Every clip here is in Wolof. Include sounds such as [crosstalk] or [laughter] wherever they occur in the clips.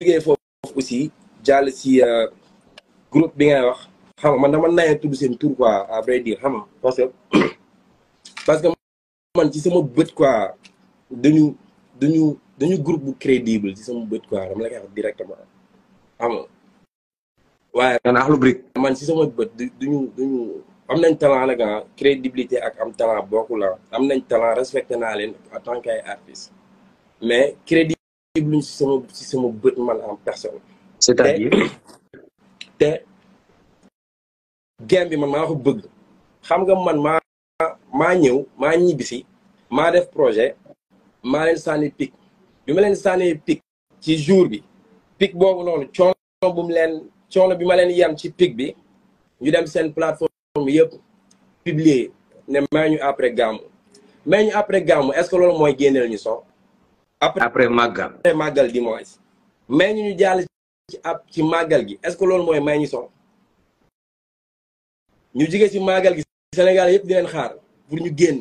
jógee foofu aussi jàll si euh, groupe bi ngay wax xam nga man dama nayee tudd seen tur quoi à vrai dire xam nga [coughs] man ci sama bët quoi dañu dañu dañu groupe bu crédible ci sama bët quoi dama la koy wax directement xam nga man ci sama bët dañu dañu am nañ talent la ah, crédibilité ak am talent bokku la ah. am nañ talent respecté naa leen en tant qu'ay artiste mais crédibilité dégluñ si sama si sama bët man en personne. c'est-à-dire [coughs] te game bi man maa ko bëgg xam nga man maa maa ñëw maa ñibbisi maa def projet maa leen sànni pic bi ma leen sànni pic ci jour bi pic boobu noonu coono bu leen coono bi ma leen yem ci pic bi ñu dem seen plateforme yëpp publier ne may ñu après gàmmu may ñu après gàmmu est-ce que loolu mooy génneel ñu son après màggal après màggal di moins may ñu ñu jàll ci ab ci màggal gi est-ce que mooy may ñu soxla ñu jige ci màggal gi Sénégal yëpp di leen xaar pour ñu génn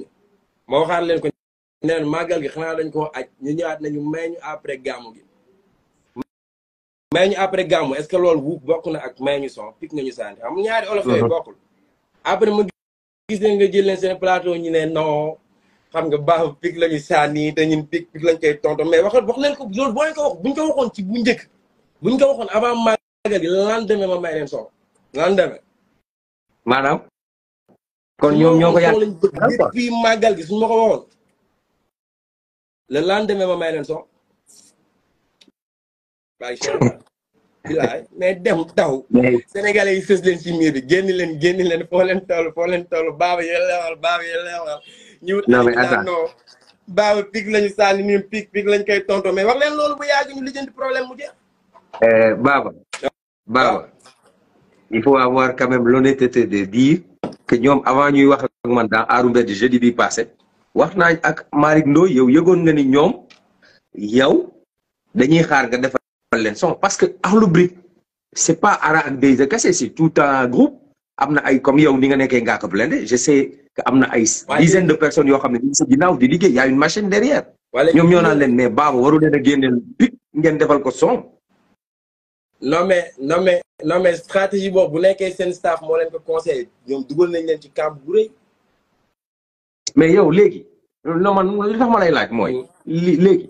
moo waxaat leen ko ne màggal gi xanaa dañ ko aj ñu ñëwaat nañu may ñu après gàmmu gi may ñu après gàmmu est-ce que loolu wu bokk na ak may ñu son pik nga ñu sànni am ñaari olof yooyu uh-huh. bokkul après ma gis nga jël seen plateau ñu ne non xam nga baax picc la ñu sànni te ñun picc picc lañ koy tontu mais wax wax leen ko loolu boo leen ko wax ci bu njëkk buñ ko waxoon avant màggal gi lendemain ma may leen soow lendemain maanaam kon ñoom ñoo ko màggal gi suñu ma ko waxoon le lendemain ma may leen soow bàyyi bilaay mais dem taw sénégalais yi sës leen ci miir bi génn leen génn leen foo leen toll foo baaba yi baaba yi ñu wut ay non baaw pig lañu sànni ñun pig pig lañ koy tonto mais wax leen loolu bu yàgg ñu lijjanti problème mu jeex. Eh, Baba. Ah. Baba il faut avoir quand même de dire que ñoom avant ñuy wax ak man dans Arru Mbedd jeudi bi passé wax naa ak Malick Ndoye yow yëgoon nga ni ñoom yow dañuy xaar nga defal leen son parce que Akhlou Brick c'est pas Ara ak Dèye kese c'est tout temps groupe am na ay comme yow ni nga nekkee Ngaaka Blindé je sais que am na ay dizaine de personnes yoo xam ne ñu sa ginnaaw di liggéey y a une machine derrière ñoom ñoo naan leen mais Baba waru leen a génneel pic ngeen defal ko son non mais non mais non mais stratégie boobu bu nekkee seen staff moo leen ko conseillé ñoom dugal nañ leen ci camp bu rëy mais yow léegi no man li tax ma lay laaj mooy hmm. léegi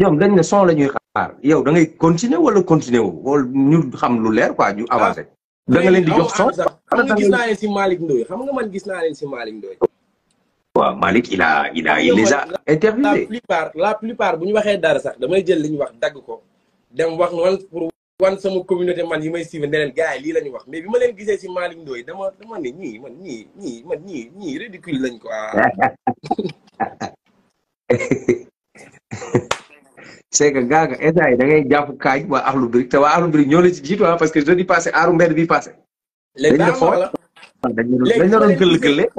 ñoom dañ ne son la ñuy xaar yow da ngay continuer wala continuer wu wala ñu xam lu leer quoi ñu ah, avancer da nga leen di jox son xam nga gis si Malick Ndoye xam nga man gis naa leen si Malick Ndoye. waaw Malick il a il a il les a interviewés. la plupart la bu ñu waxee dara sax damay jël li ñu wax dagg ko dem wax wan pour wan sama communauté man yi may suivre ne leen gars yi lii la ñu wax mais bi ma leen gisee si Malick Ndoye dama dama ne ñii man ñii ñii man ñii ñii ridicule lañ ko ah. [laughs] [laughs] c'est que gaaga état yi da jàpp kaay waa axlu birig te waa axlu birig ñoo la ci jiitu ah parce que jeudi passé aaru mbedd bi passé. léegi dañu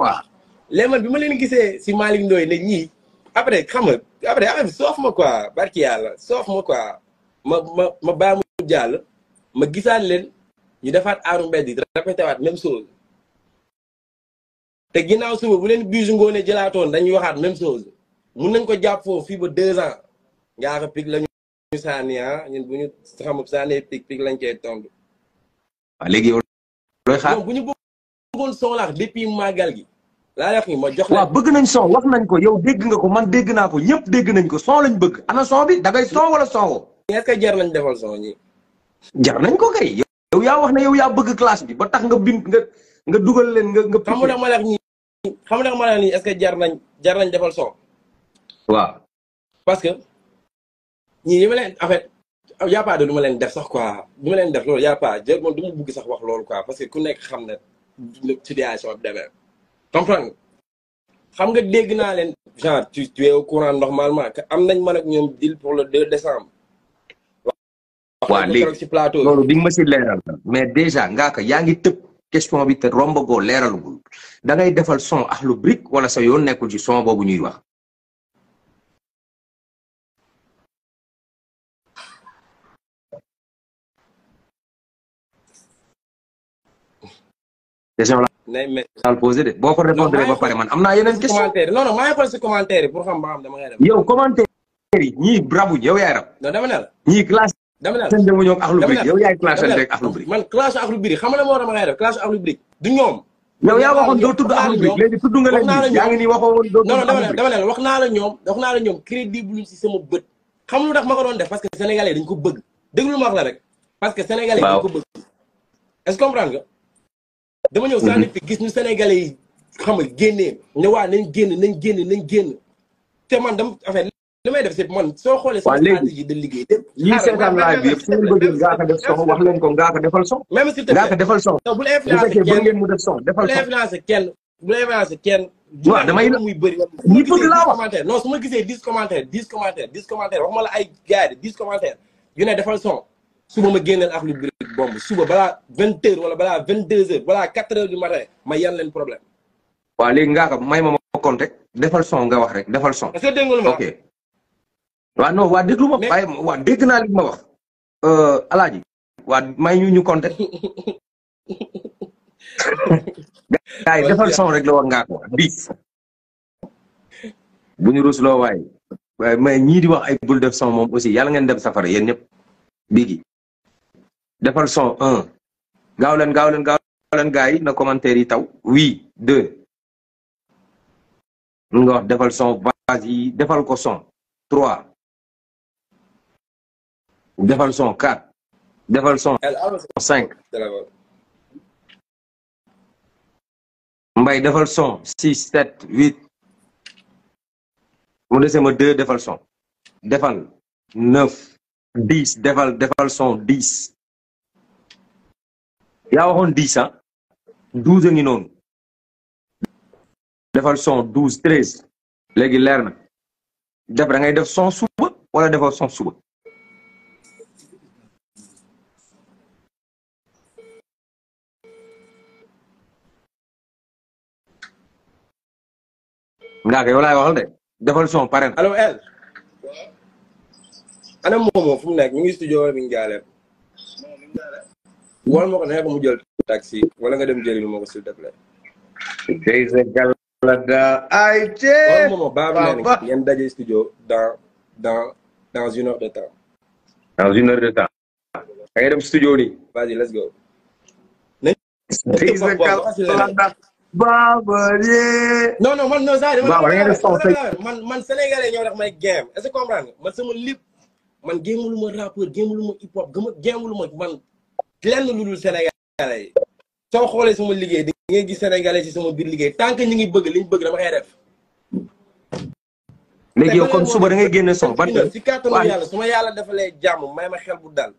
ah, bi ma leen gisee si Malick Ndoye ne ñii après xam nga après affaire bi soof ma quoi barki yàlla soof ma quoi ma ma ma baamu jàll ma gisaat leen ñu defaat aaru mbedd yi répété waat même chose. te ginnaaw suba bu leen bisu ngoone jëlaatoon dañuy waxaat même chose mun nañ ko jàpp foofu fii deux ans. Ndiakhou pig la ñu saani ah ñun bu ñu xamul saani pig pig lañ cay tontu. waaw léegi yow looy xaar bu ñu bëggoon son gi. laa jox waaw bëgg nañ soow wax nañ ko yow dégg nga ko man dégg naa ko ñëpp dégg nañ ko son lañ bëgg ana son bi da ngay wala son woo. est-ce que jar nañ defal son ñi. jar nañ ko kay yow yaa wax na yow yaa bëgg classe bi ba tax nga bind nga nga dugal leen nga nga. xam ñi xam nga ma la nii est que jar nañ jar nañ defal son. waaw parce que. ñii li ma leen en fait a pas de lu ma leen def sax quoi lu ma leen def loolu y' a pas du ma bëgg sax wax loolu quoi parce que ku nekk xam ne situation bi demee comprendre xam nga dégg naa leen genre tu tu es au courant normalement que am nañ man ak ñoom deal pour le 2 décembre. waaw léegi loolu di nga ma si leeral mais déjà ngaa ko yaa ngi tëb question bi te romb goo leeralagul da ngay defal son Akhlou Brick wala sa yoon nekkul ci son boobu ñuy wax. question la. nay mel daal posé de boo ko ba pare man am naa yeneen question non non maa ngi si commentaire pour xam ba xam dama ngay def. yow commentaire yi ñii yow yaay rab. non dama ne la classe. dama ne ak Akhlou Brick yow yaay classe ak Akhlou Brick. man classe Akhlou Brick xam nga moo dama ngay def classe Akhlou Brick du ñoom. yow yaa waxoon doo tudd Akhlou Brick léegi tudd nga leen yaa ngi nii waxoon doo tudd. non non dama ne dama ñoom wax naa la ñoom parce que sénégalais dañ ko bëgg déglu dama ñëw sànni mhm. fi gis ñu sénégalais yi xam nga génnee ne waa nañ génn nañ génn nañ génn te man dama affaire li may def si man soo xoolee. waaw léegi de liggéey lépp. ñii seetaan laaj bi yëpp su ngeen bëggee ngaa ko def son wax leen ko ngaa ko defal son. même si ngaa ko defal son. bu la influencé kenn bu fekkee bëgg ngeen mu def son defal son bu la influencé kenn bu la influencé kenn. waaw damay muy bëri. ñi bëgg laa wax non su ma gisee dix commentaires dix commentaires dix commentaires waxuma la ay gars yi dix commentaires yu ne defal son suba ma génneel ak lu brique bomb suba balaa vingt wala balaa vingt deux balaa quatre heures du matin ma yan leen problème. waaw léegi ngaa ko may ma ma compte rek defal son nga wax rek defal son. est-ce que ok waaw non waa déglu ma. waaye waa dégg naa li ma wax. Euh, alaaji waa may ñu ñu compte. [laughs] gars yi defal son rek la war ngaa ko bis. bu ñu rusloo waaye. waaye mais ñii di wax ay bul def son moom aussi yàlla ngeen dem safara yéen ñëpp. bigi defal son un gaaw leen gaaw leen gaaw leen gars yi na commentaire yi taw oui deux mun nga wax defal son base yi defal ko son trois defal son quatre defal son cinq mbay defal son six sept huit mu dese ma deux defal son defal neuf dix defal defal son dix yaa waxoon dix ah douze a ngi noonu defal son douze treize léegi leer na def da ngay def son suba wala defal son suba ndaa kay walaay waxal de defal son pare allo El ana moomoo nekk mi ngi studio wala ngi jaale wala moo nga dem jëli lu ma ko si te plaît. Deyse Galaga ay cee. wala daje studio dans dans dans de temps. dans une de temps. da dem studio nii. vas-y non non man non man man Sénégalais ñoo tax may game est-ce que comprendre nga man sama lépp man géemuluma rappeur géemuluma hip hop gëm a géemuluma man. lenn lu dul sénégalais yi soo xoolee sama liggéey di ngay gis sénégalais ci sama biir liggéey tant que ñu ngi bëgg liñ bëgg dama koy def. léegi kon suba da ngay génne son ban. si kàttanu yàlla su ma yàlla defalee jàmm may ma xel bu dal